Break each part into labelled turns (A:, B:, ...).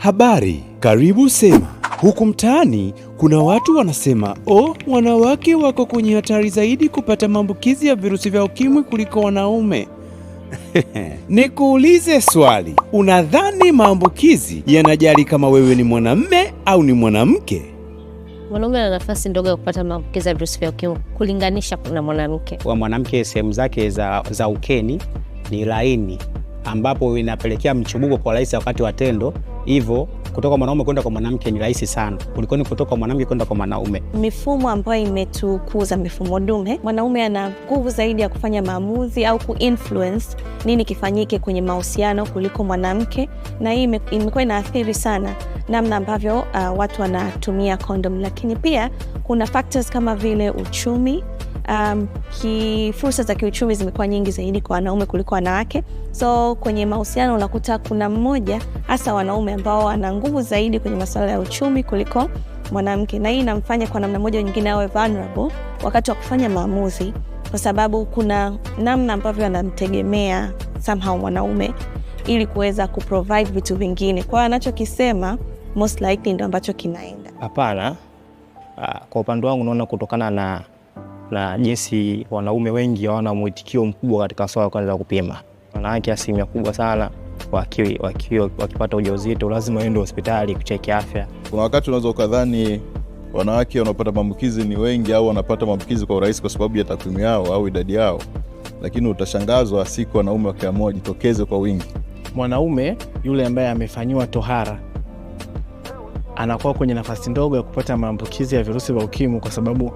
A: Habari, karibu Sema. Huku mtaani kuna watu wanasema oh, wanawake wako kwenye hatari zaidi kupata maambukizi ya virusi vya ukimwi kuliko wanaume. Nikuulize swali, unadhani maambukizi yanajali kama wewe ni mwanamme au ni mwanamke?
B: Mwanaume ana nafasi ndogo ya kupata maambukizi ya virusi vya ukimwi kulinganisha na mwanamke.
C: Kwa mwanamke sehemu zake za, za ukeni ni laini, ambapo inapelekea mchubuko kwa rahisi wakati wa tendo hivyo kutoka mwanaume kwenda kwa mwanamke ni rahisi sana kuliko ni kutoka mwanamke kwenda kwa mwanaume.
D: Mifumo ambayo imetukuza mifumo dume, mwanaume ana nguvu zaidi ya kufanya maamuzi au kuinfluence nini kifanyike kwenye mahusiano kuliko mwanamke, na hii imekuwa inaathiri sana namna ambavyo uh, watu wanatumia kondom, lakini pia kuna factors kama vile uchumi um, ki fursa za kiuchumi zimekuwa nyingi zaidi kwa wanaume kuliko wanawake. So kwenye mahusiano unakuta kuna mmoja hasa wanaume ambao wana nguvu zaidi kwenye masuala ya uchumi kuliko mwanamke, na hii inamfanya kwa namna moja nyingine awe vulnerable wakati wa kufanya maamuzi, kwa sababu kuna namna ambavyo anamtegemea somehow mwanaume ili kuweza kuprovide vitu vingine. kwao anachokisema most likely ndo ambacho kinaenda.
E: Hapana, ah, kwa upande wangu naona kutokana na na jinsi wanaume wengi hawana mwitikio mkubwa katika swala la kupima. Wanawake asilimia kubwa sana wakiwa wakiwi, wakipata ujauzito lazima waende hospitali kucheki afya.
F: Kuna wakati unaweza ukadhani wanawake wanaopata maambukizi ni wengi au wanapata maambukizi kwa urahisi kwa sababu ya takwimu yao au idadi yao, lakini utashangazwa siku wanaume wakiamua wajitokeze kwa wingi.
G: Mwanaume yule ambaye amefanyiwa tohara anakuwa kwenye nafasi ndogo ya kupata maambukizi ya virusi vya ukimwi kwa sababu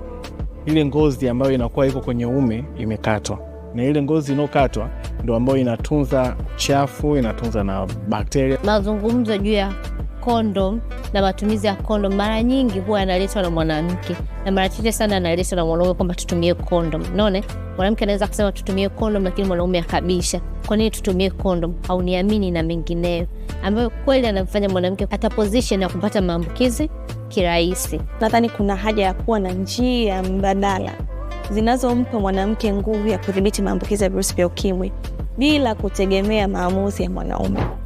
G: ile ngozi ambayo inakuwa iko kwenye ume imekatwa, na ile ngozi inaokatwa ndo ambayo inatunza chafu, inatunza na bakteria.
H: Mazungumzo juu ya kondom na matumizi ya kondom mara nyingi huwa yanaletwa na mwanamke na mara chache sana yanaletwa na mwanaume kwamba tutumie kondom. Unaona, mwanamke anaweza kusema tutumie kondom, lakini mwanaume akabisha, kwa nini tutumie kondom? Au niamini na mengineyo, ambayo kweli anamfanya mwanamke hata position ya kupata maambukizi kirahisi.
I: Nadhani kuna haja ya kuwa na njia mbadala zinazompa mwanamke nguvu ya kudhibiti maambukizi ya virusi vya ukimwi bila kutegemea maamuzi ya mwanaume.